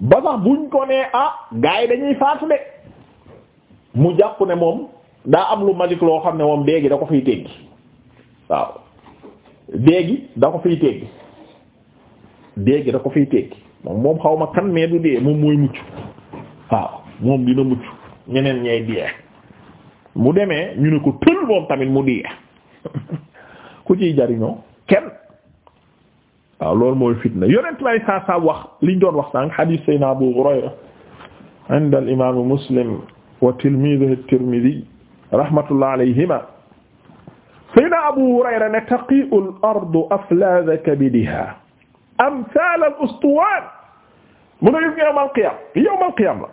ba sax buñ ko nee ah gars dañuy faatu mu jàpp ne moom daa am lu magique loo xam ne moom déegi da ko fiy teggi waaw déegi da ko fiy teggi déegi da ko fiy teggi moom xaw ma kan mais du dee moom mooy mucc waaw moom dina mucc ñeneen ñay dee mu demee ñu ne ko tël moom tamit mu dee ku ciy jariñoo waaw loolu mooy fitna yonent lay saa saa wax liñ doon wax sànq hadith sayna Abu Hurayra inda al imam Muslim wa tilmidihi at-Tirmidhi rahmatullah alayhima sayna Abu Hurayra ne taqi'u al-ardu aflaadha kabidiha amthal al-ustuwan mu ne yawm al-qiyam yawm al-qiyam la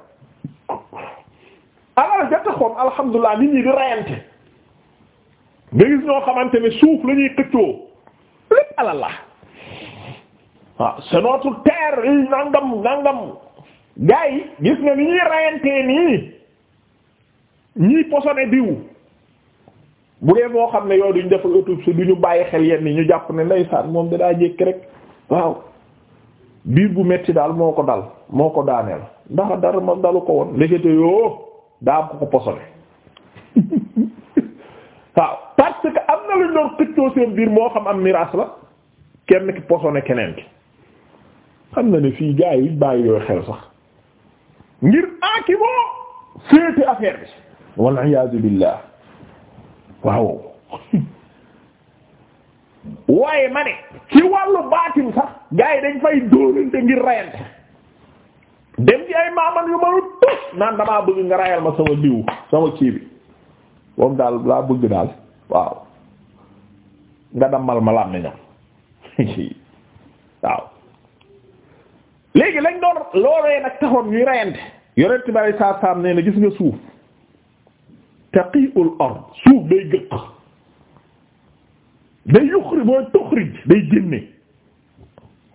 alal jata xoom alhamdulillah nit ñi di rayante nga gis ñoo xamante ne suuf la ñuy xëccoo lépp alal la waaw ah, c'est notre terre i nangam nangam gars yi gis nga ni ñuy rayantee nii ñiy posone diw bu dee moo xam ne yow duñ def autopsie du ñu bàyyi xel yenn ñu jàpp ne ndeysaan moom da daa jékki rek waaw biir bu metti daal moo ko dal moo ko daaneel ndax dara ma dalu ko woon ndekete yoo daa am ko ko posone waaw parce que am na lu doon xëccoo seen biir moo xam am miraas la kenn ki posone keneen ki xam na ne fii gars yi bàyyi yooyu xel sax ngir aaki boo féete affaire bi wal waaw waaye ma ne ci wàllu sax gars dañ fay dóolante ngir rayante dem ci ay maaman yu mënul tus naan damaa bëgg nga rayal ma sama diw sama kii bi daal laa bëgg daal waaw nga dammal ma laam ne waaw léegi lañ doon loolee nag taxoon ñuy reyante yorenti bari saa saam nee na gis nga suuf taqiul ard suuf day gëq day yuxri mooy tuxrij day génne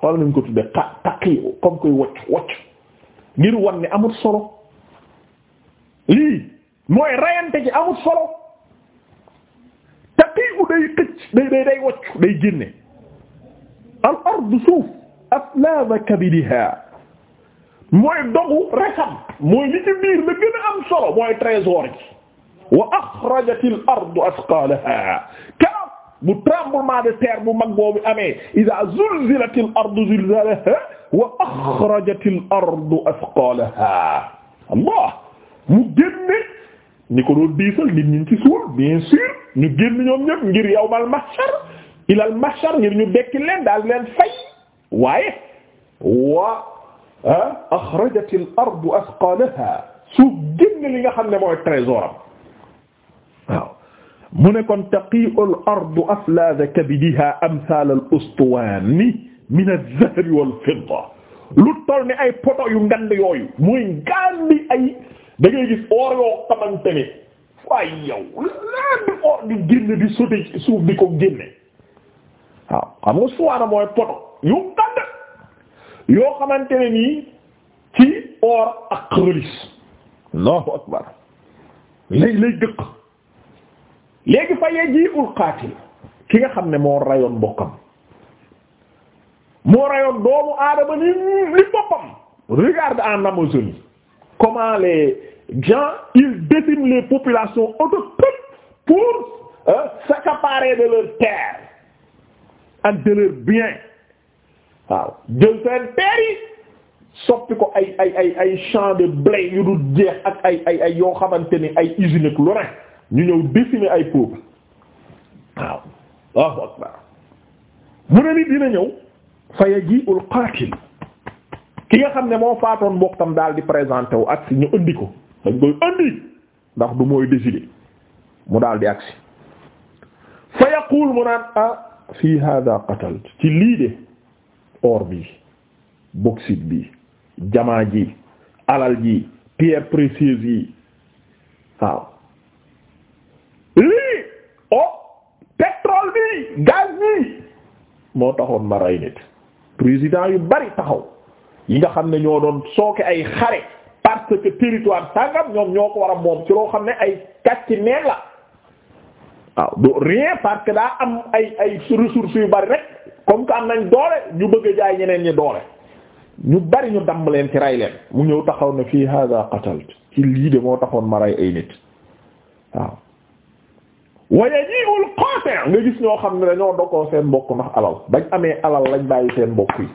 xool nañ ko tudde ta taqi comme koy wocc wocc ngir wan ne solo lii mooy reyante ci amul solo taqi u day xëcc day day day wocc day suuf aflaba kabidiha mooy dogu resam mooy li ci biir la gën a am solo mooy trésor yi wa axrajatil ardu asqalaha keroog bu tremblement de terre bu mag boobu amee iza zulzilatil ardu zilzalaha wa axrajatil ardu asqalaha allah mu génne ñi ko doon diisal nit ñi ci suul bien sûr ñu génn ñoom ñëpp ngir yawmal mahshar ilal mahshar ngir ñu dekki leen daal leen fay waaye wa Ah, axrajat al ardu asqalaha suuf génn li nga xam ne mooy trésor mu ne kon taqi'u al la aflaada kabidiha amthal al min al zahabi wal lu toll ni ay poto yu ngand yooyu muy ngandi ay da ngay gis or yoo xamante ne waay yow laan di or di génn di sotti suuf di ko génne waaw xam nga suwaana mooy poto yoo xamante ne nii ci or ak xaalis Allahu akbar lay lay dëkk léegi fa yaji'ul qaatil ki nga xam ne moo rayoon bokkam moo rayoon doomu aadama ni li boppam regarde en Amazonie comment les gens ils déciment les populations autochtones pour euh, s'accaparer de leurs terres ak de leurs biens waaw jël seen terre yi ko ay ay ay ay champs de blé yu dul jeex ak ay ay yoo xamante ni ay usines ak lu ne ñu ñëw décimer ay peuple waaw Allahu akbar mu ne nit dina ñëw fa yaji'ul qatil ki nga xam ne moo faatoon mbokkam daal di présenté wu agsi ñu indi ko dañ koy indi ndax du mooy décider mu daal di agsi fa yaqul mu naan ah fii hada qatal ci lii de or bi bauxite bi jamaa ji alal ji pierre précieuse yi waaw lii oh pétrole bi gaz bi moo taxoon ma rey nit président yu bari taxaw yi nga xam ne ñoo doon sooke ay xare parce que territoire sàngam ñoom ñoo ko war a moom ci loo xam ne ay kàcc neen la waaw do rien parce que daa am ay ay ressources yu bari rek comme que am nañ doole ñu bëgg jaay ñeneen ñi doole ñu bari ñu damm leen ci rey leen mu ñëw taxaw na fii hada qatalt ci lii de moo taxoon ma rey ay nit waaw waye ñiwul xoote nga gis ñoo xam ne dañoo dokoo seen mbokk ndax alal bañ amee alal lañ bàyyi seen mbokk yi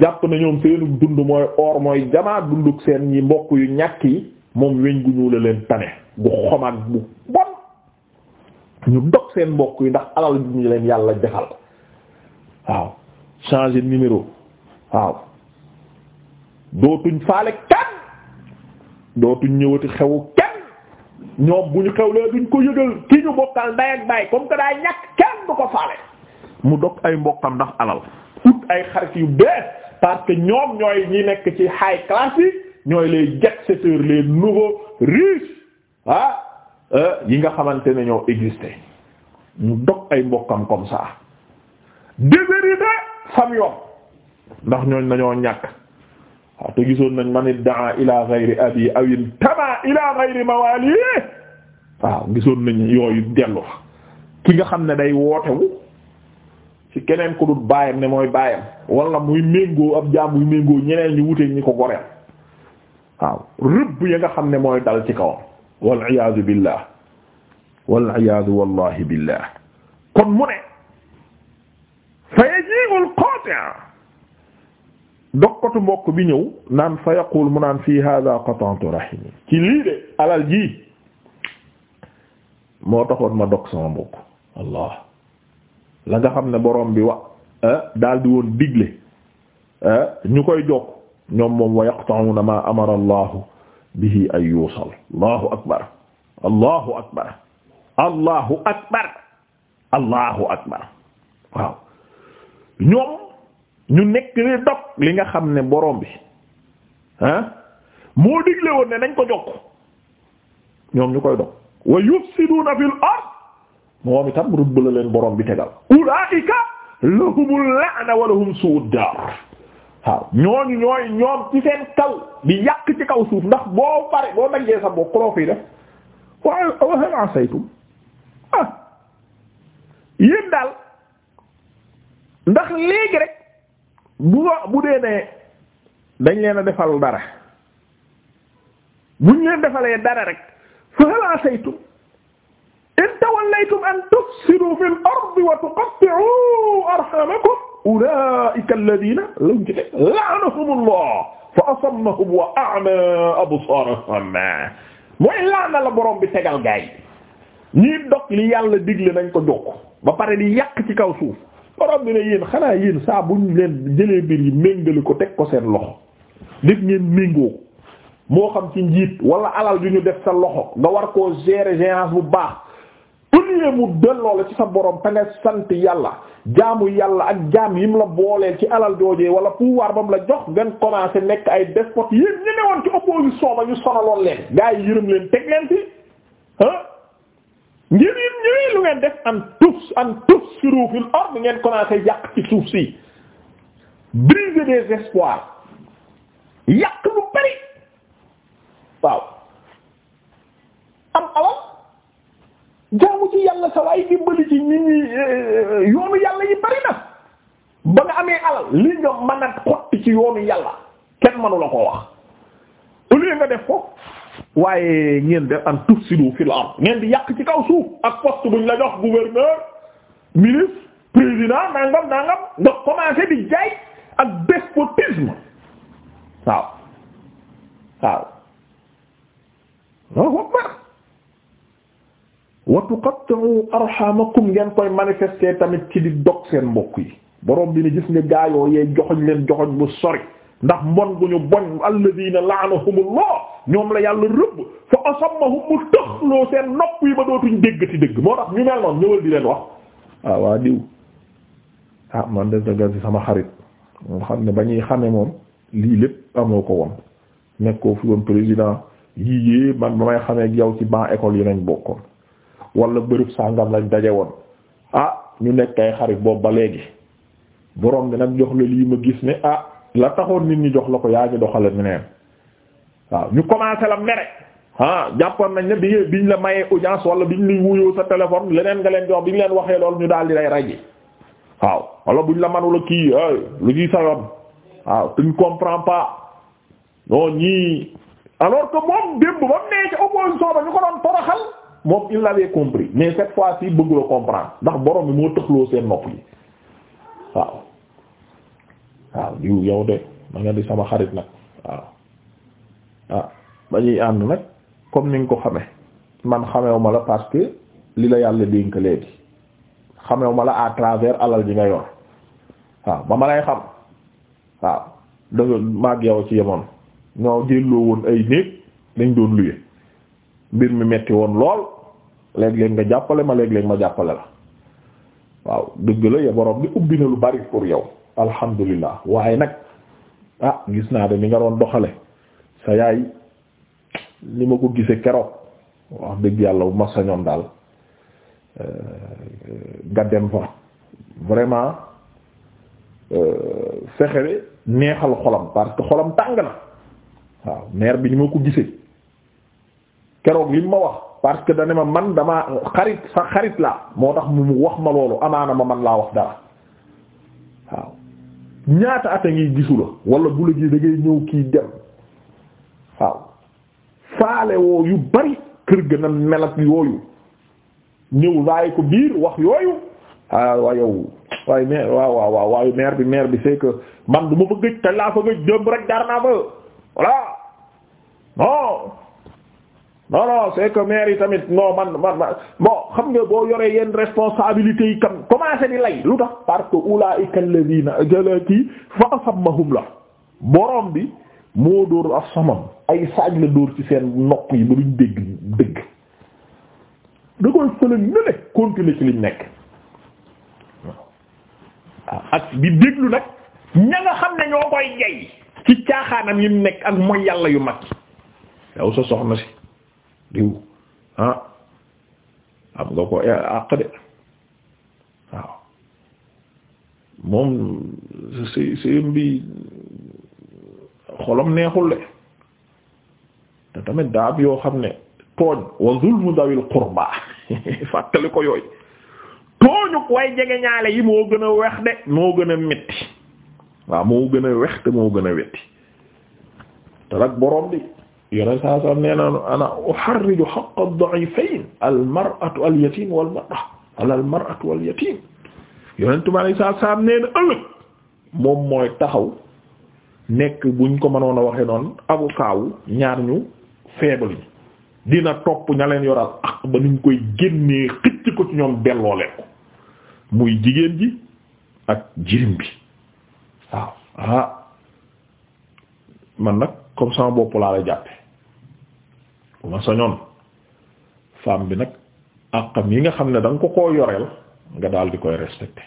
jàpp na ñoom seenu dund mooy or mooy jamaa dunduk seen mbokk yu ñàkk yi moom weñ gu ñuul la leen tane bu xomaat bu bon ñu dog seen mbokk yi ndax alal ñu leen yàlla jaxal waaw changer numéro waaw dootuñ faale kenn dootuñ ñëwati xewu kenn ñoom bu ñu xewlee duñ ko yëgal ki ñu bokkal nday dog ay mbokkam ndax alal ut ay xarit yu bees parce que ñoom ñooy ñi nekk ci high class yi ñooy les jet-setters les nouveaux riches ah, euh, yi nga xamante ne ñoo existé ñu dog ay mbokkam comme ça déshérité fam yoon ndax ñooñ dañoo ñàkk waaw te gisoon nañ man iddaa ila ghayri abi awin tama ila ghayri mawali waaw gisoon nañ yooyu dellu ki nga xam ne day wootewu ci keneen ku dul baayam ne mooy baayam wala muy méngoo ab jaam muy méngoo ñeneen ñu wuteeg ñi ko goreel waaw rëbb ya nga xam ne mooy dal ci kaw wal iyaadu billah wal iyaadu wallahi billah kon mu ne al qati' dokkatu mbokk bi ñëw naan fa yaqul mu naan fii hadha qata'tu rahimi ci lii de alal ji moo taxoon ma dog sama mbokk allah la nga xam ne borom bi wa eh, daal di woon digle eh, ñu koy jokk ñoom moom wa yaqta'una ma amara allahu bihi an yuusal allahu akbar allahu akbar allahu akbar allahu akbar waaw ñoom ñu nekk li dog li nga xam ne borom bi ah moo digle woon ne nañ ko jokk ñoom ñu koy dog wa yufsiduna fil ard moom itam rubb la leen borom bi tegal ulaika lahumul la'na wa lahum su'ud dar waaw ñooñu ñooy ñoom ci seen kaw di yàq ci kaw suuf ndax boo pare boo daggee sa bopp loo fii waaye wa hal asaytum ah daal ndax léegi rek bu bu dee ne dañ leen a defal dara buñ leen defalee dara rek fa hal asaytum in tawallaytum an tufsidu fil ardi wa tuqatti'u arhamakum ulaa'ika alladhiina la'anahumullah fa asammahum wa a'ma absaarahum mooy laana la borom bi tegal gaay ñii dog li yàlla digle nañ ko jokk ba pare di yàq ci kaw suuf borom bi ne yéen xanaa yéen saa ñu leen jëlee mbir yi méngali ko teg ko seen loxo def ngeen méngoo moo xam ci njiit wala alal ju ñu def sa loxo nga war koo gérer gérance bu baax au lieu mu delloo ci sa borom te nga sant yàlla jaamu yàlla ak jaam yim la booleel ci alal joojee wala pouvoir bam la jox ngeen commencé nekk ay despote yi ñu newoon ci opposition ba ñu sonaloon leen gaa yërëm leen teg leen ci ngir yit lu ngeen def an tufs an tufsiru fil ard ngeen commencé yàq ci suuf si briser des espoirs yàq lu bari waaw am alal jaamu ci yàlla sa waay dimbali ci nit ñi eh, eh, yoonu yàlla yi bari na ba nga amee alal li nga mën a xotti ci yoonu yàlla kenn mënu la koo wax au lieu nga def ko waaye ngeen def an tufsidu fil ard ngeen di yàq ci kaw suuf ak poste buñ la jox gouverneur ministre président nangam nangam nga commencé di jaay ak despotisme waaw waaw Allahu akbar wa tuqatta'u arhamakum ngeen koy manifester tamit ci di dog seen mbokk yi borom bi ni gis nga gaayoo yee joxoñ leen joxoñ bu sori ndax mbon gu ñu boñ alladina la'anahumullah ñoom la yàlla rëbb fa asammahum mu tëxloo seen nopp yi ba dootuñ déggati dëgg moo tax ñu mel noonu ñëwal di leen wax ah waa diw ah man def daga ci sama xarit moo xam ne ba ñuy xamee moom lii lépp amoo ko woon nekkoo fi woon président yii yée man ba may xamee ak yow ci ban école yi nañ bokkoon wala bërëb sàngam lañ daje woon ah ñu nekk ay xarit boobu ba léegi borom bi jox la lii ma gis ah, la taxoon nit ñi jox la ko yaa ñu doxale neneen waaw ñu commencé la mere ah jàppoon nañ ne bi biñ la mayee audience wala biñ la wuyoo sa téléphone leneen nga leen jox ñu leen waxee loolu ñu daldi lay raji waaw wala buñ la manula kii lu ciy sa yoon waaw tu ne pas non ñii alors que moom démb ba mu nee ci opposition ba ñu ko doon toroxal moom il l'avait compris mais cette fois-ci bëggula comprendre ndax borom bi moo tëxloo seen nopp waaw diw yow de ma di sama xarit nag waaw ah ba ñuy ànd nag comme ni nga ko xame man xamew ma la parce que li la yàlla dénk léegi xamew ma la à travers alal ji nga yor waaw ba ma lay xam waaw danga maag yow ci yemoon ñoo jélloo woon ay néeg dañ doon luye mbir mi metti woon lool léeg-léeg nga jàppale ma léeg-léeg ma jàppale la waaw dëgg la ya borom bi ubbi na lu bari pour yow alhamdulilah waaye nag ah gis naa de ni nga doxale sa yaay ni ma ko gise keroog wax dëgg yàlla bu ma sañoon daal euh, nga fa vraiment euh, fexe neexal xolam parce que xolam tàng na waaw mère bi ni ma ko gise keroog li ma wax parce que da ma man damaa xarit sa xarit laa moo tax mu wax ma loolu amaana ma man laa wax dara ñaata at a ngi gisu la wala bu la gis da ngay ñëw kii dem waaw faale woo yu bari kër gën a mel yooyu ñëw laay ko biir wax yooyu ah waaye maire waaw waaw waaye maire bi maire bi c'est que man du ma fa gëj te laa fa gëj démb rek dara naa fa voilà non. non non yi tamit non man man man bon xam nga boo yoree yenn responsabilités yi kam commencé di lay lu tax parce que ulaa'ika alladhina jalaki fa asammahum la borom bi moo dóor asamam ay saaj la dóor ci seen nopp yi ba duñ dégg dégg da koy fële ne continuer ci liñ nekk waaw ak di déglu nag ña nga xam ne ñoo koy jey ci caaxaanam yu nekk ak mooy yàlla yu mag yow sa soxna si diw ah am nga ko eh, àq de waaw moom si siyam bi xolam neexul de te tamit daab yoo xam ne tooñ wa zulmu dawil qurba fàttali ko yooyu tooñuk way jege ñaale yi moo gën a wex de moo gën a metti waaw moo gën a wex te moo gën a wetti te nag boroom bi yoneen saa salam nee naan ana uharriju haqqa ad al-mar'atu al-yatim wal-mar'a al-mar'ati wal-yatim yonentu saa salam ëllëg moom mooy taxaw nekk buñ ko mënoon a waxe noonu avocat wu ñaar ñu feebal ñi dina topp ña leen yoral ak ba nuñ koy génnee xëcc ko ci ñoom delloo leen ko muy jigéen ji ak jirim bi waaw ah man nag comme sama bopp laa la jàppe bu ma soñoon femme bi nag àqam yi nga xam ne da ko koo yoreel nga daal di koy respecté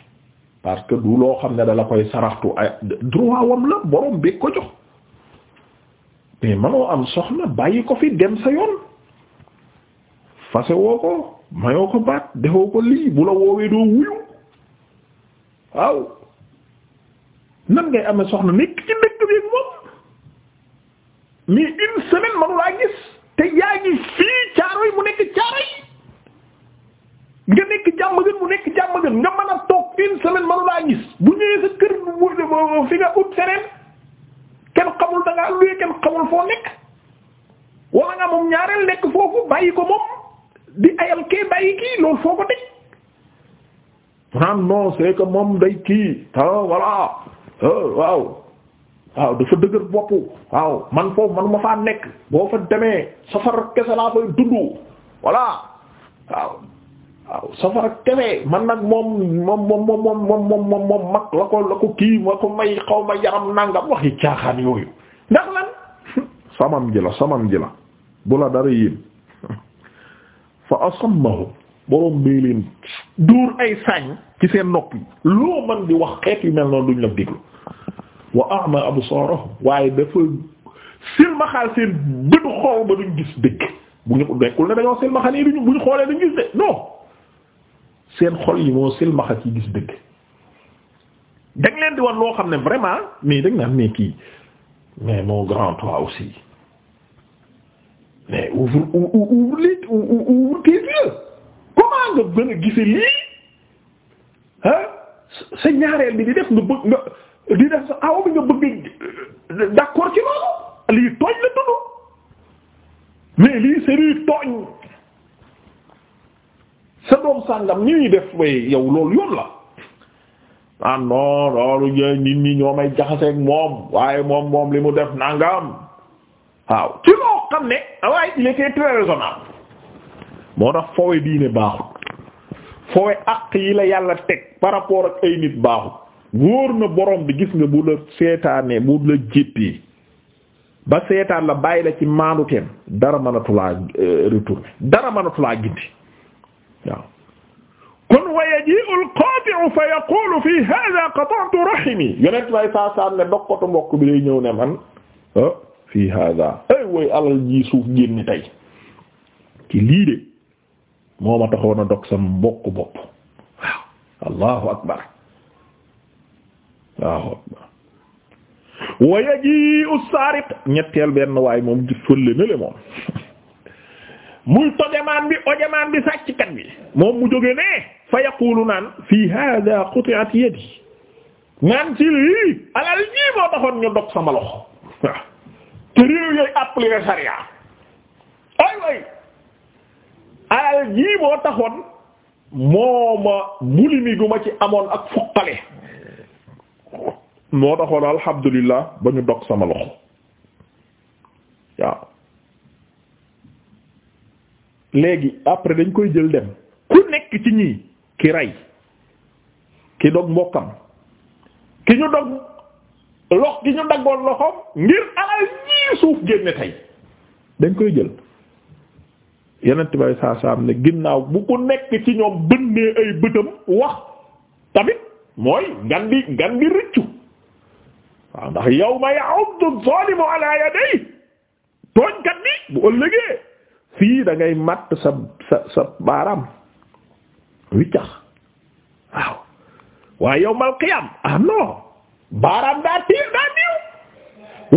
parce que du loo xam ne dala koy saraxtu ay droit wam la borom bi ko jox mais manoo am soxna bàyyi ko fi dem sa woo ko mayoo ko baat defoo ko lii bu ci nekk bi moom mais une semaine manulaa gis te yaa ngi fii caaro yi mu nekk caaro yi nga nekk jàmm gën mu nekk jàmm gën nga mën a toog une semaine laa gis bu ñëwee sa kër fi nga kenn xamul da ngaa luye kenn xamul foo nekk wala nga moom ñaareel nekk foofu bàyyi ko moom di ayal kee bàyyi kii loolu foo ko teg naan non c'est moom day kii ah voilà ah, waaw waaw dafa dëgër bopp waaw man foofu manuma faa nekk boo fa demee safar kese laa fay dund voilà waaw waaw safara kese man nag moom moom mag la ko la ko kii ma ko may xaw ma yaram nangam waxi caaxaan yooyu ndax lan samam ji la samam ji la bu la dara yéen fa asammahu boroom bay duur ay sañ ci seen nopp yi loo mën di wax xeet yu mel noonu duñ la déglu wa a'ma absaarahum waaye dafa silmaxaal seen bëtu xool ba duñ gis dëgg bu ñu nekkul ne dañoo silmaxa nii duñu bu ñu xoolee duñ gis de non seen xol yi moo silmaxa ci gis dëgg dañ leen di wan loo xam ne vraiment mais dañ naan mais kii mais moo grand toi aussi mais ouvre ouvre lii ouvre tes yeux comment nga gën a gise lii ah sa ñaareel bi di def nga bëgg nga di def sa aw bi nga bëgg d'accord ci loolu lii tooñ la tudd mais lii seri tooñ sa doom sàngam ni ñuy def way yow loolu yoon la ah non loolu ñooy nit ñi ñoo may jaxaseeg moom waaye moom moom li mu def nangam waaw ci loo xam ne waaye il était très raisonnable moo tax foowe diine baaxut foowe àq yi la yàlla teg par rapport ak ay nit baaxut wóor na borom bi gis nga bu la seetaanee bu la jéppee ba seetaan la bàyyi la ci maandu teem dara mënatulaa euh, retourné dara mënatulaa gindi kon wa yaji'u mbokk bi lay ñëw ne man oh, alal ji suuf génni tey ci lii de moo ma taxoon a dog sa mbokk bopp waaw allahu akbar waaw waya ji ussaariq ñetteel benn waay moom di fële na le moom muy tojamaan bi ojamaan bi sàcckat bi moom mu jóge ne fa yaqulu naan fii hada quti'at yadi naan ci lii alal ji moo taxoon ñu dog sama loxo te réew yooyu appliquer charia ay way alal ji moo taxoon mooma bulimi gu ma ci amoon ak fuqale moo taxoon alhamdulillah ba ñu dog sama loxo waaw léegi après dañ koy jël dem ku nekk ci ñii ki rey ki dog mbokkam ki ñu dog lox ki ñu daggoon loxo ngir alal ñii suuf génne tey dañ koy jël yenent bay saa saa am ne ginnaaw bu ku nekk ci ñoom bënnee ay bëtam wax mooy ngan di ngan di rëccu waaw ndax yawma ya'uddu adh-dhalimu bi bu ëllëgee fii da ngay matt sa sa sa baaraam wiccax waaw waaye yawmal qiyaam ah non daa tiir daa diw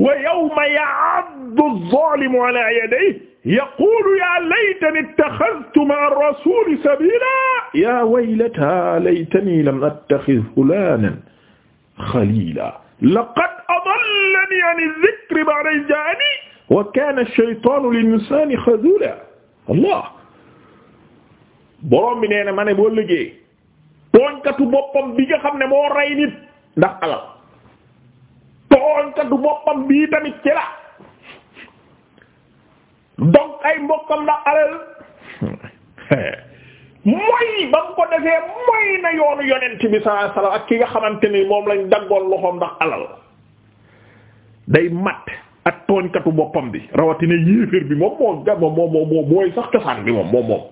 wa yawma ya'uddu adh-dhalimu ala yadayhi yaqulu ya laytani ittaxaztu ma'a rasuuli sabiilaa yaa waylataa laytanii lam attaxiz fulaanan xaliilaa laqad adallanii ani zikri ba'da iz jaa'anii wa kaana shaytaanu lil-insaani xazuulaa Allah borom bi nee na ma ne boo liggéey tooñkatu boppam bi nga xam ne moo rey nit ndax alal tooñkatu boppam bii tamit ci la donc ay mbokkam na alal mooy ba mu ko defee mooy na yoonu yonent bi sallallahu alayhi ak ki nga xamante ni moom lañ daggoon loxoom ndax alal day mat ak tooñkatu boppam bi rawatina yéeféer bi moom moo ga moom moo sax cosaan bi moom moom moom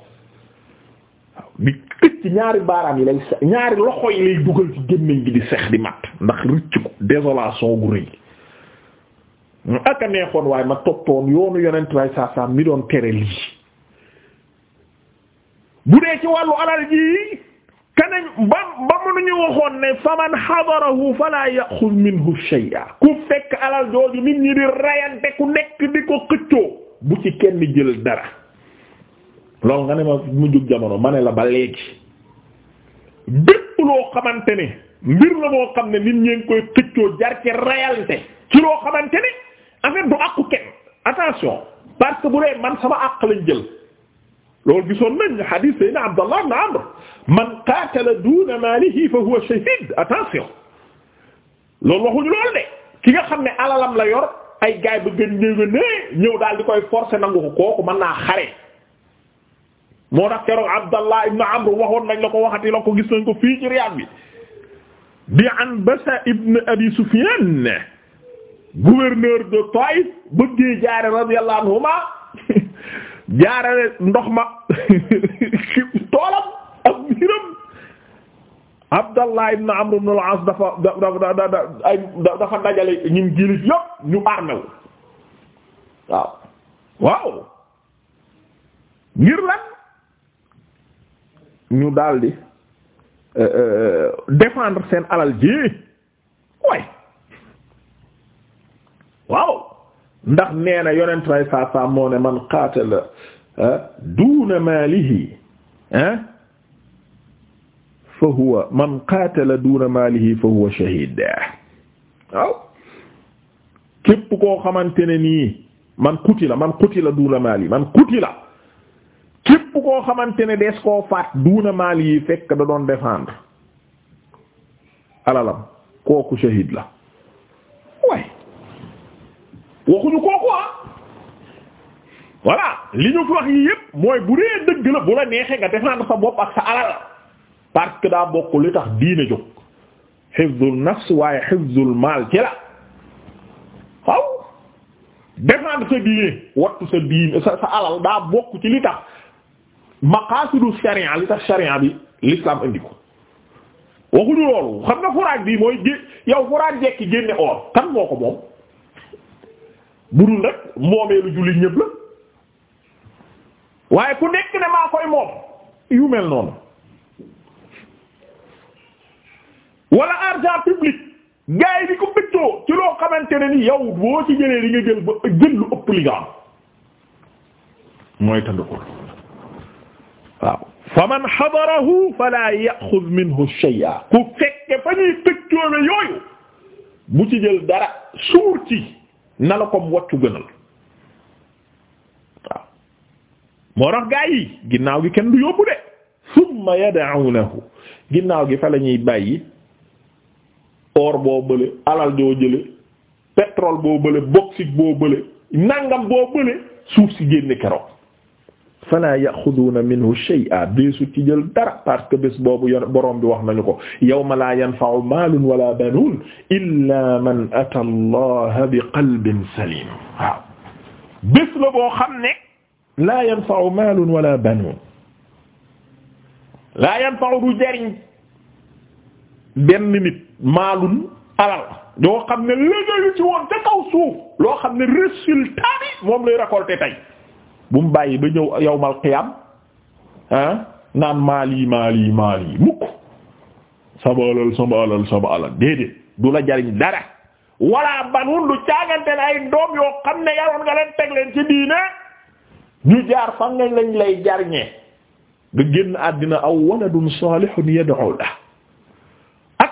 waaw këcc ñaari baaraam yi lay ñaari loxo yi lay dugal ci gémmiñ gi di sex di mat ndax rëcc désolation gu rëy Mm, ak a neexoon waaye ma toppoon yoonu yonent waay saa saa mi doon tere lii bu dee ci wàllu alal ji kanañ ba ba mënuñu waxoon ne faman hadarahu fala ya'khudh minhu shay'a ku fekk alal jooju nit ñi di rayante ku nekk di ko xëccoo bu ci kenn jël dara loolu nga ne ma mu jóg jamono ma ne la ba léegi bépp loo xamante ne mbir la moo xam ne nit ñeen koy xëccoo jar ci rayante ci loo xamante ne affaire du àqu kenn attention parce que bu dee man sama àq lañ jël loolu gisoon nañ hadith sayna Abdallah ibn Amr man qatala duna malihi fa huwa shahid attention loolu waxuñu loolu de ki nga xam ne alalam la yor ay gaay ba gën néega ne ñëw daal di koy forcer nangu ko kooku mën naa xare moo tax keroog Abdallah ibn Amr waxoon nañ la ko waxati la ko gis nañ ko fii ci Riyad bi bi an Basa ibn Abi Sufyan gouverneur de Taïf bëggee jaare radiyallahu anhuma jaarale ndox ma toolam ak biiram Abdallah ibn Amr ibn al-As dafa dafa dajale ñun jilit yépp ñu armé waaw waaw ngir lan ñu daldi euh, euh, défendre seen alal ji ndax nee na yonent bay moo ne man qaatala duuna maalihi ah fa huwa man qaatala duuna maalihi fa huwa shahid waaw képp koo xamante ne nii man qutila man qutila duuna maalihi man qutila képp koo xamante ne dees koo faat duuna maalihi fekk da doon défendre alalam kooku shahid la waxuñu kooku ah li ñu fi yi yëpp mooy bu dee dëgg la bu la neexee nga défendre sa bopp ak sa alal parce que daa bokk li tax diine jóg hifzul nafs waaye hifzul maal ci la waaw défendre sa diine wattu sa diine sa alal daa bokk ci li tax maqaasidu sharia li tax sharia bi l'islam indi waxuñu loolu xam nga foraaj bi mooy gé yow foraaj jekki génne or kan moo ko moom budul rek moomeelu jullit ñëpp la waaye ku nekk ne maa koy moom yu mel noonu wala argent public gars yi di ko ci loo xamante ni yow boo ci jëlee li nga jël ba jël lu ëpp li nga mooy tënd ko waaw fa man xadarahu fala yaxud minhu shay'a ku fekke fa ñuy pëccoo yooyu bu ci jël dara suur ci na la comme waccu gënal waaw moo tax gaa yi ginnaaw gi kenn du yóbbu de summa yad'unahu ginnaaw gi fa la bàyyi or boo bële alal joo jële pétrole boo bële bauxite boo bële nangam boo bële suuf si génne keroog fala yaxuduuna minhu shay'a béesu ci jël dara parce que bés boobu yo boroom bi wax nañu ko yawma la yanfa'u maalun wala banuun illa man ata allaha bi qalbin salim waaw bés la boo xam ne laa yanfa'u maalun wala banuun laa yanfa'u du jariñ benn nit maalun alal yoo xam ne liggéeyu ci woon ca kaw suuf loo xam ne résultat bi moom lay récolter tey bu mu bàyyi ba ñëw yawmal qiyaam ah, naan maali maali maali mukk sama alal sama alal sama alal déedéet du la jariñ dara walla banun du caagante na ay doom yoo xam ne yaroon nga leen teg leen ci diine ñu jaar fan ngañ lañ lay jarñee nga génn àddina aw waladun salihun yad'u lahu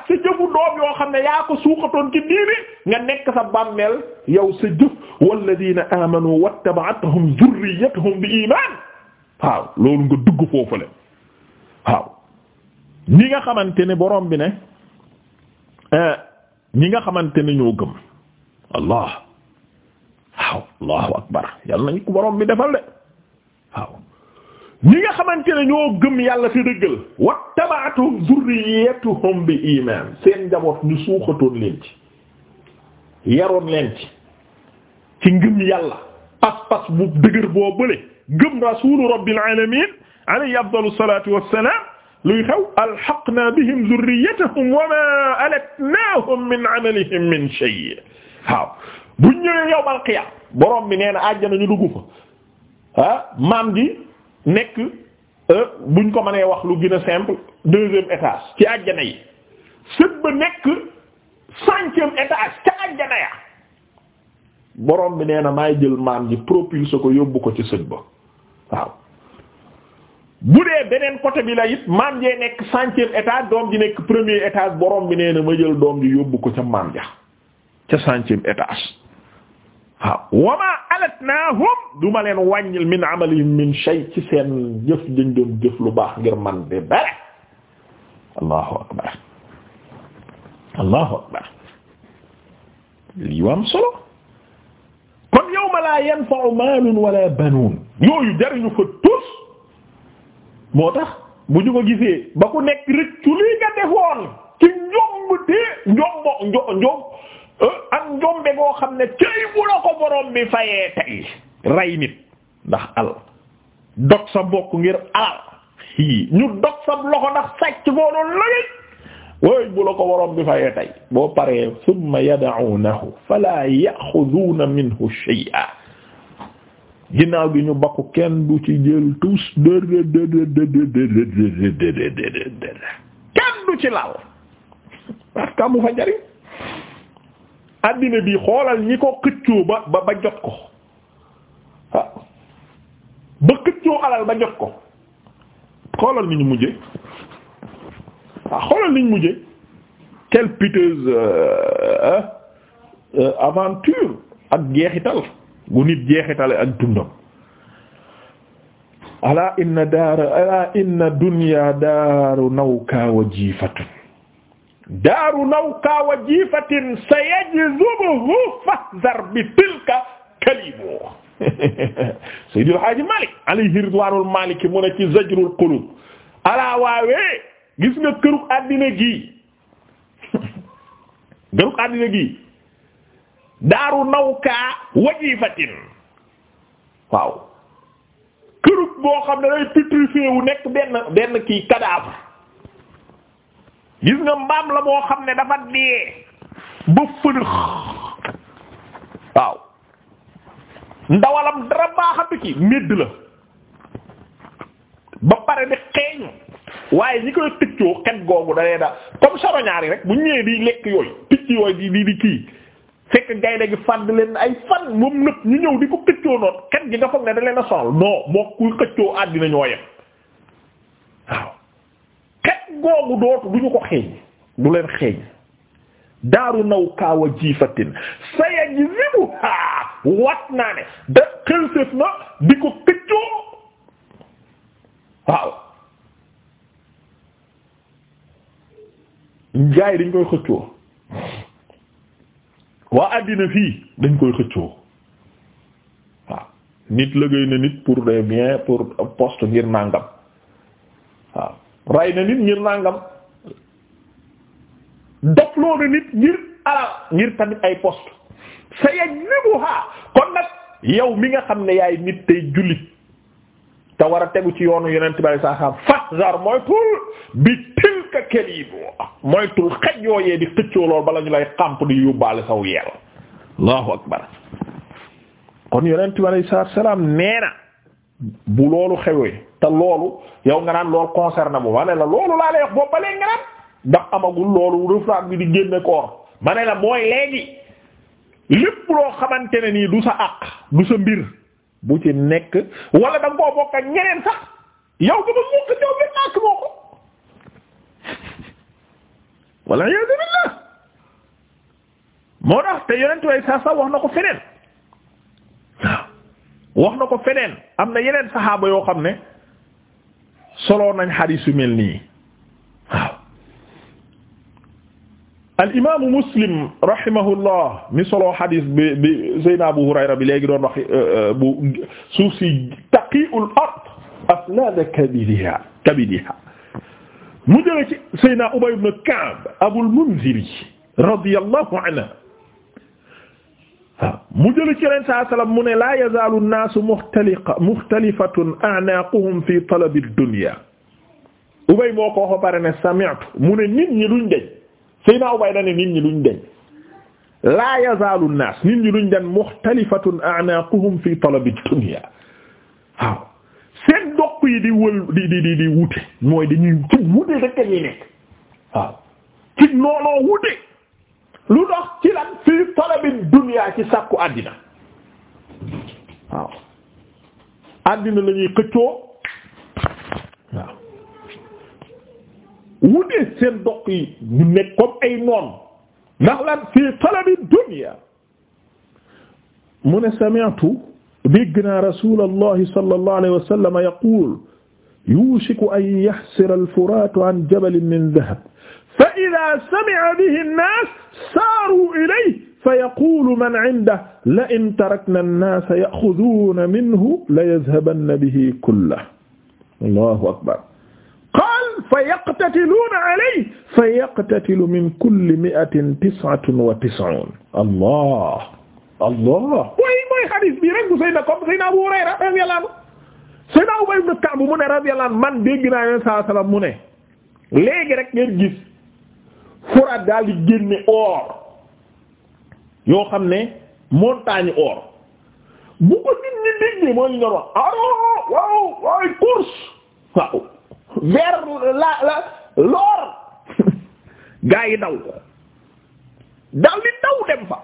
ak sa jëfu doom yoo xam ne yaa ko suuxatoon ci diini nga nekk sa bàmmeel yow sa jëf walladina amanu wattaba'athum zurriyatuhum bi iman waaw loolu nga dugg foofule waaw ñi nga xamante ne borom bi ne eh, ñi nga xamante ne ñoo gëm allah waaw allahu akbar yàlla nañ ko borom bi defal de waaw ñi nga xamante ne ñoo gëm yàlla fi dëggal wa tabaatu zurriyatuhum bi iman seen njaboot ñu suuxatoon leen ci yaroon leen ci ci ngëm yàlla pas-pas bu dëgër boo bële gëm rasulu rabbil alamin alayhi afdalu salatu wassalam luy xew alhaqna bihim zurriyatahum wa ma alatnahum min amalihim min shay waaw buñ ñëwee yowmal qiyam borom bi nee na àjjana ñu dugg fa ah maam ji nekk euh, buñ ko mënee wax lu gën a simple deuxième étage ci àjjana yi sët ba nekk cinquième étage ca àjjana ya borom bi nee na maay jël maam ji propulsé ko yóbbu ko ci sët ba waaw bu dee beneen côté bi la it maam jee nekk cinquième étage doom ji nekk premier étage borom bi nee na ma jël doom ji yóbbu ko ca maam ja ca cinquième étage waaw wamaa alatnaahum du ma leen wàññil min amalihim min shay ci seen jëf jën doon jëf lu baax ngir man de bare allahu akbar allahu akbar lii waam solo kon yawma laa yanfa'u maalun wala banuun yooyu jariñu fa tus moo tax bu ñu ko gisee ba ku nekk rëccu lii nga defoon ci njomb te njombo njom ak njombe goo xam ne cëy bu la ko borom bi fayee tey rey nit ndax alal dog sa bokk ngir alal ñu dog sa loxo ndax sàcc boo doon lëgëj wooy bu la ko borom bi fayee tey boo paree summa yad'unahu fala ya'khuduna minhu shay'a ginnaaw gi ñu bakku kenn du ci jël tous kenn du ci laal parce que fa njariñ addina bi xoolal ñi ko xëccoo ba ba jot ko ah. ba xëccoo alal ba jot ko xoolal ni ñu mujjee waaw ah, xoolal ni ñu mujjee quelle piteuse euh, euh, aventure ak jeexital gu nit jeexitale ak dundam ala inna daar ala inna dunya daaru nawka wa jiifatun daaru nawka wa jiifatin sayajzubuhu fahzar bi tilka kalibu Seydil Haaji Malik alayhi ridwaanul maliki mu ne ci zajrul qulub alaa waawee gis nga kërug àddina gi kërug àddina gi daaru nawka wa jiifatin waaw kërug boo xam ne day pétrifié wu nekk benn benn kii cadavre gis nga mbaam la moo xam ne dafa dee ba fënëx waaw ndawalam dara baaxatu ci medd la ba pare di xeeñu waaye ñi koy tëccoo xet googu da lee da comme charognard yi rek bu ñëwee di lekk yooyu tëcc yooyu di di di kii fekk gaynde gi fàdd leen ay fan moom nëpp ñu ñëw di ko këccoo noonu xet gi nga foog ne da leen a sonal non moo kuy këccoo àddina ñoo yem waaw googu dootu du ñu ko xeeñ du leen xeeñ daaru naw kaawa jiifatin saya ji libu wat naa ne da xëlséf na di ko këccoo waaw njaay dañ koy xëccoo waa àddina fii dañ koy xëccoo waaw nit liggéey na nit pour des biens pour poste ngir nàngam waaw ray na nit ngir nàngam dofloo na nit ngir alal ngir tamit ay poste sa yaj nibu haa kon nag yow mi nga xam ne yaay nit tey jullit te war a tegu ci yoonu yonent bi saa saam fahzar mooy tul bi tilka kalibu mooy tul xaj yooyee di xëccoo lool bala ñu lay xàmp di yóbbaale saw yeel allahu akbar kon yonent bi saa salaam nee bu loolu xewee te loolu yow nga naan loolu concerné mu ma ne la loolu laa lay wax boobu ba léegi nga naan ndax amagul loolu refraat bi di génne koor ma ne la mooy léegi lépp loo xamante ne nii du sa àq du sa mbir bu ci nekk wala da nga koo bokk ak ñeneen sax yow du ma mukk ñëw benn àq moo ko moo tax te yeneen way sax sax wax na ko feneen waaw wax na ko feneen am na yeneen saxaaba yoo xam ne. soloo nañ xadiis yu mel nii waaw al imaamu muslim rahimahullah mi soloo xadiis bi bi Seydina Abu Hurayra bi léegi doon wax euh, euh, bu suuf si taqiul ard aflaada kabidiha kabidiha mu jëlee ci Seydina Ubay ibn Ka'b Abul Munziri radiyallahu anhu waaw mu jëli ci leen saa salaam mu ne laa yazaalu naasu muxtaliqa muxtalifatun a'naaquhum fi talabi dunya ubay moo ko wax pare ne sami'tu mu ne nit ñi duñ deñ sayna ubay da ne nit ñi duñ deñ laa yazaalu naas nit ñi duñ deñ muxtalifatun a'naaquhum fi talabi dunya waaw seen doq yi di wël di di di di wute mooy dañuy ci wute rek ñuy nekk waaw ci noonoo wute lu dox ci lan fii talabi dunya ci sàkku àddina waaw àddina la ñuy xëccoo waaw wutee seen dox yi ñu nekk comme ay noon ndax lan fii talabi dunya mu ne sami'tu dégg naa rasulallahi sallallahu alayhi wa sallam yaqul yushiku an yahsira al-furat an jabal min dhahab fa idaa sami'a bihi an-naas saaruu ilayhi fa yaquulu man 'indahu la-in taraknaa an-naasa ya'xuduuna minhu la-yadhabanna bihi kulluhu. Allaahu akbar. Qaala fa yaqtatiluuna 'alayhi fa yaqtatilu min kulli mi'atin tis'atun wa tis'uun. Allah Allah. mooy mooy hadiis bi rek bu Seydina comme Seydina Abu Hurayra radiyallaahu anhu, Seydina Ubay ibn Ka'b mu ne radiyallaahu anhu man dégg naa Yonent sallallaahu alayhi wa sallam mu ne léegi rek ngeen gis. furaat daal di génne or yoo xam ne montagne or bu ko nit ñi déggee mooy li nga wax aro ah, waaw waaw course waaw vers la la l'or gaa yi daw daal di daw dem fa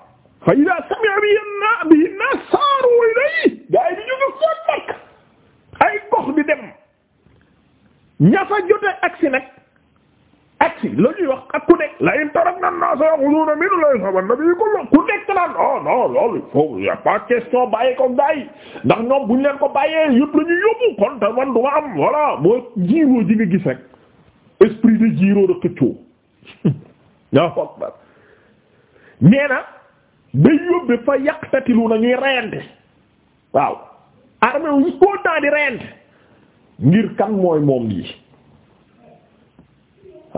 fa ida sami'a bi na bi na saaru ilay gaa yi di jóge foon nekk ay gox di dem ña fa jote agsi nag aksi la ñuy wax ak ku nekk la in tarakna an-nas yaquluna min la yasabanna bi kullu ku nekk naan oh non loolu foofu y a pas question bàyyi ko gaa ndax ñoom buñ leen ko bàyyee yëpp la ñuy yóbbu kon te man du ma am voilà moo jiiroo ji nga gis rek esprit de jiiroo de xëccoo ñaa foog ba nee na day yóbbe fa yàqtatilu na ñuy reyante waaw armée wu koo temps di reyante ngir kan mooy moom lii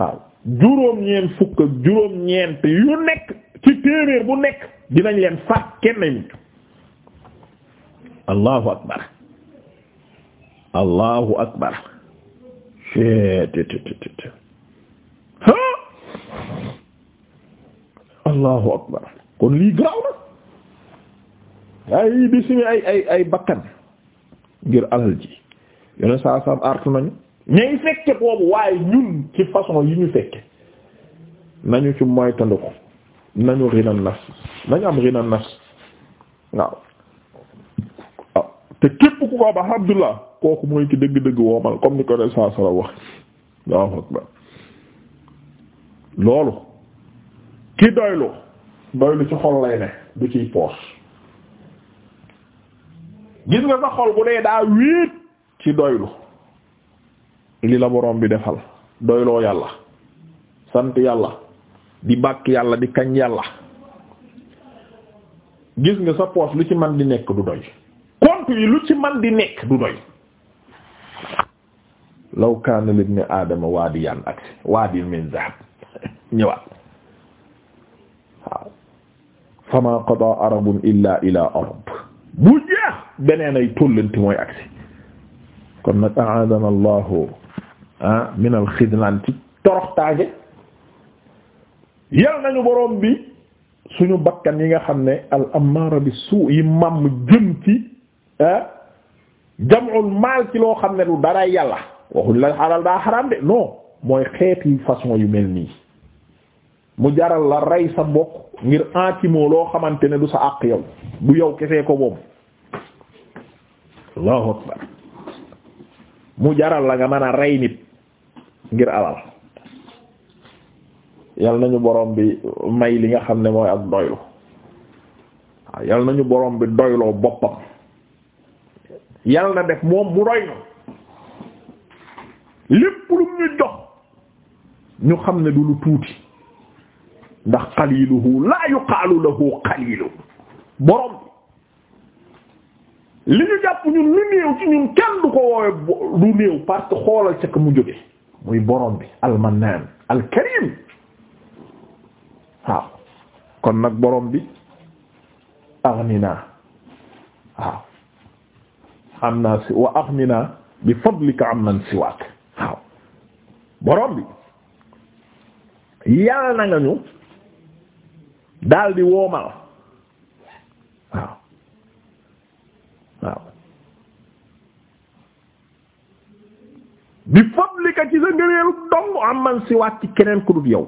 waaw juróom-ñeent fukk ak juróom-ñeent yu nekk ci téeméer bu nekk dinañ leen faat kenn mi allahu akbar allahu akbar ha allahu akbar kon lii garaaw na ay di ay ay bakkan ngir alal ji yeneen saa sam artu nañu ñay fekke boobu waaye ñun ci façon yi ñu fekke nañu ci moytandu ko nañu rina nas nañu am rina nas waaw waaw ah, te képp ku ko ba Abdullah kooku mooy ki dëgg-dëgg woomal comme ni ko de saa sara wax waaw akbar loolu ki doylu doylu ci xol lay ne du ciy poos gis nga sa xol bu dee daa wéet ci doylu li la bi defal doyloo yàlla sant yàlla di bàkk yàlla di kañ yàlla gis nga sa poche lu ci man di nekk du doy compte yi lu ci man di nekk du doy law kaana libni aadama waadiyan ak waadin min zahab ñëwaat fama qada arabun illa ila arab bu jeex beneen ay tóllanti mooy agsi kon nag aadana allahu Ah, minal xidlaan ci toroxtaange yal nañu borom bi suñu bakkan yi nga xam ne al amaara bi suu yi mam jëm ci ah, jam'ul maal ci loo xam ne du dara yàlla waxuñ la xalal daa xaraam de non mooy xeeti façon yu mel nii mu jaral la rey sa mbokk ngir antimoo loo xamante ne du sa àq yow du yow kese ko boobu allahu akbar mu jaral la nga mën a rey nit ngir alal yal nañu borom bi may li nga xam ne mooy ak doylu waaw yal nañu borom bi doyloo boppam yal na def moom mu doylu lépp lu ñu jox ñu xam ne du lu tuuti ndax qaliluhu la yuqaalu lahu borom li ñu jàpp ñun lu néew ci ñun kenn du ko woowe du néew parce xoolal ca ka mu jóge muy borom bi almanaan alkarim kon nag borom bi aghnina waaw am naa si wa aghnina bi fadlika amman siwaak waaw borom bi yàlla na daal di woomal bi fablika ci sa ngëneelu dong am man si waat ci keneen ku dut waaw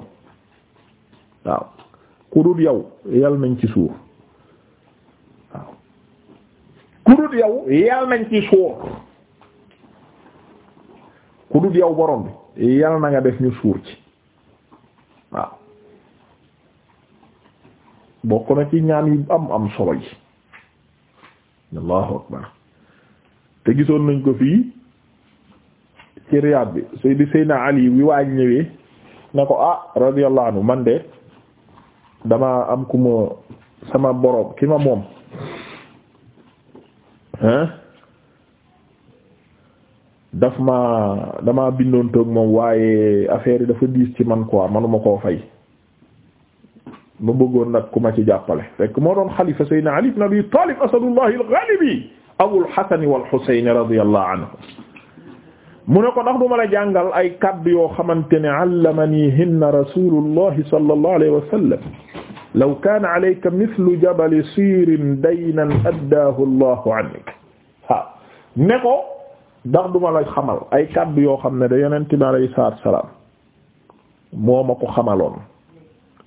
ku dut yal nañ ci suur waaw ku yow yal nañ ci suur ku dut yow borom bi yal na nga def ñu suur ci waaw bokk na ci ñaan yu am am solo yi allahu akbar te gisoon nañ ko fii ci Riyad bi Seydi Seyna Ali wi waaj ñëwee na ko ah radiyallahu anhu man de dama am ku ma sama borom ki ma moom daf ma dama bindoon toog moom waaye affaire yi dafa diis ci man quoi manuma koo fay ma bëggoon nag ku ma ci jàppale fekk moo doon xalifa Seydina Ali ibn Abi Talib asadullah al-ghalibi Abul Hasan wal Husayn radiyallahu anhu mu ne ko ndax du ma jàngal ay kaddu yoo xamante ne allamanihinna rasulullahi sallallahu alayhi wa sallam law kaana alayka mithlu jabali siirin daynan addaahu allahu anka waaw ne ko ndax du xamal ay kaddu yoo xam ne da yonent bi alayhi salaatu salaam moo ma ko xamaloon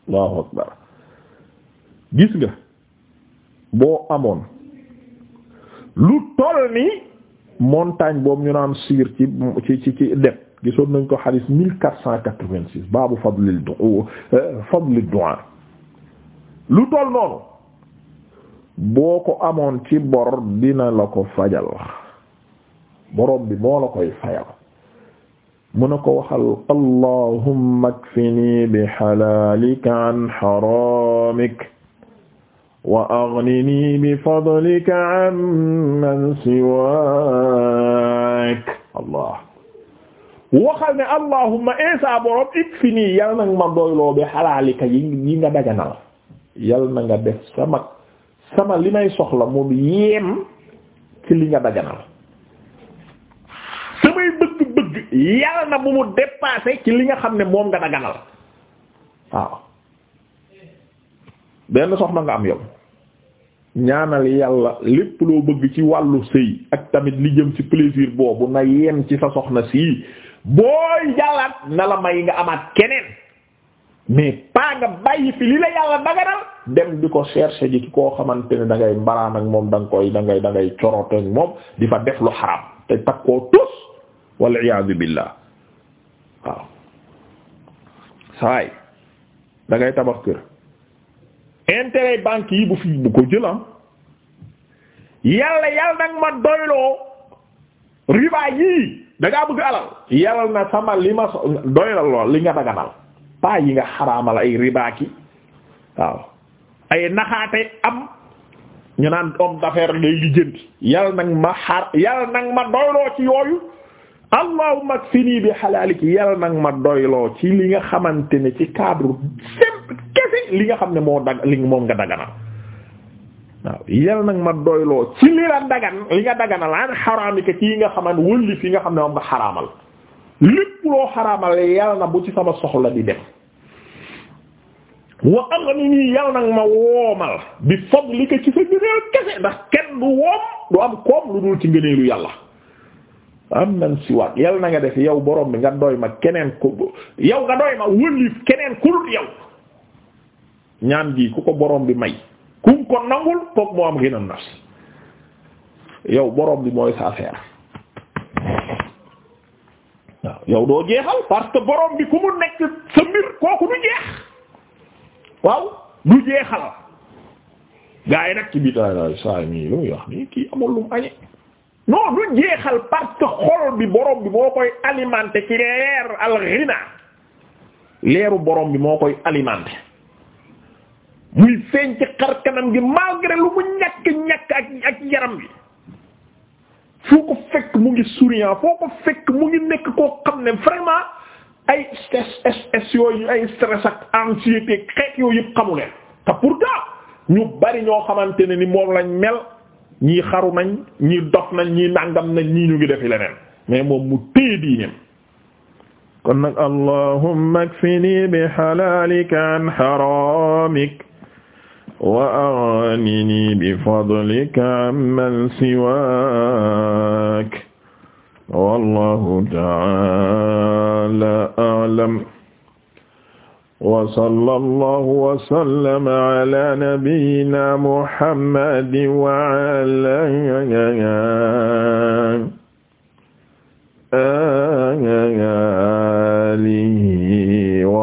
allahu akbar gis nga amoon lu toll montagne boobu ñu naan siir ci ci ci dem gisoon nañ ko xadis mille quatre cent quatre-vingt-six baabu fadlil du euh, fadlil lu toll noonu boo ko amoon ci bor dina la ko fajal borom bi moo la koy fayal mu na ko waxal allahumma kfini bi halalika an haramik wa aghnini bi fadlika amman siwaak allah waxal ne allahumma insa eh, borom ikfini yal na ma doyloo bi xalaalika yi nga daganal yal na nga def sama sama li may soxla moom yem ci li nga daganal samay bëgg-bëgg yal na bu mu dépassé ci li nga xam ne moom nga daganal waaw benn soxla nga am yow ñaanal yàlla lépp loo bëgg ci wàllu sëy ak tamit li jëm ci plaisir boobu na yem ci sa soxna sii booy jàllaat na la may nga amaat keneen mais pas nga bàyyi fi li la yàlla daganal dem di ko chercher ji ki koo xamante ne dangay ngay ak moom da koy dangay dangay da corote ak moom di fa def lu xaram te tag koo tus wal iyaazu billah waaw saay da tabax kër intérêt banque yi bu fi bu ko jëlam ah. yàlla yàlla nag ma doyloo riba yii da bëgg alal yàlla na sama li ma so doylal li nga daganal pas yi nga xaraamal ay riba ki waaw ay naxaate am ñu naan homme d'affaires lay lijjanti yàlla nag ma xar yàlla nag ma doyloo ci yooyu allahumma kfini bi xalaaliki yàlla nag ma doyloo ci li nga xamante ne ci cadre li nga xam ne moo dag li moom nga daganal waaw yal nag ma doyloo ci li la dagan li nga daganal an xaraamika ci nga xaman wëlli fi nga xam ne moom nga xaraamal lépp loo xaraamal yal na bu ci sama soxla di dem wa aghnini yal nag ma woomal bi fadlika ci sa gëneel kese ndax kenn du woom du am koom lu dul ci ngëneelu yàlla am nan siwaat yal na nga def yow borom bi nga doy ma keneen ku yow nga doy ma wëlli keneen ku dul yow ñaan gi ku ko borom bi may kum ko nangul kook moo am xinan nafs yow borom bi mooy sa affaire waaw yow doo jeexal parce que borom bi ku mu nekk sa mbir kooku du jeex waaw du jeexal gaa yi nag ci biir saa mii lu muy wax nii kii amul lu mu añee non du jeexal parce que xol bi borom bi moo koy alimenté ci leer al ghina leeru borom bi moo koy alimenté muy feeñ ci xar kanam gi malgré lu mu ñàkk ñàkk ak ak yaram bi foo ko fekk mu ngi souriant foo ko fekk mu ngi nekk koo xam ne vraiment ay stress yooyu ay ak anxiété xeet yooyu yëpp xamu leen te pourtant ñu bari ñoo xamante ne ni moom lañ mel ñii xaru nañ ñii dof nañ ñii nàngam nañ ñii ñu ngi defi mais moom mu téye diineem kon nag akfini bi halalika an haramik wa aghnini bi fadlika amman siwaak wallahu ta'ala a'lam wa sallallahu wa sallama ala nabiyyina muhammadin wa ala alihi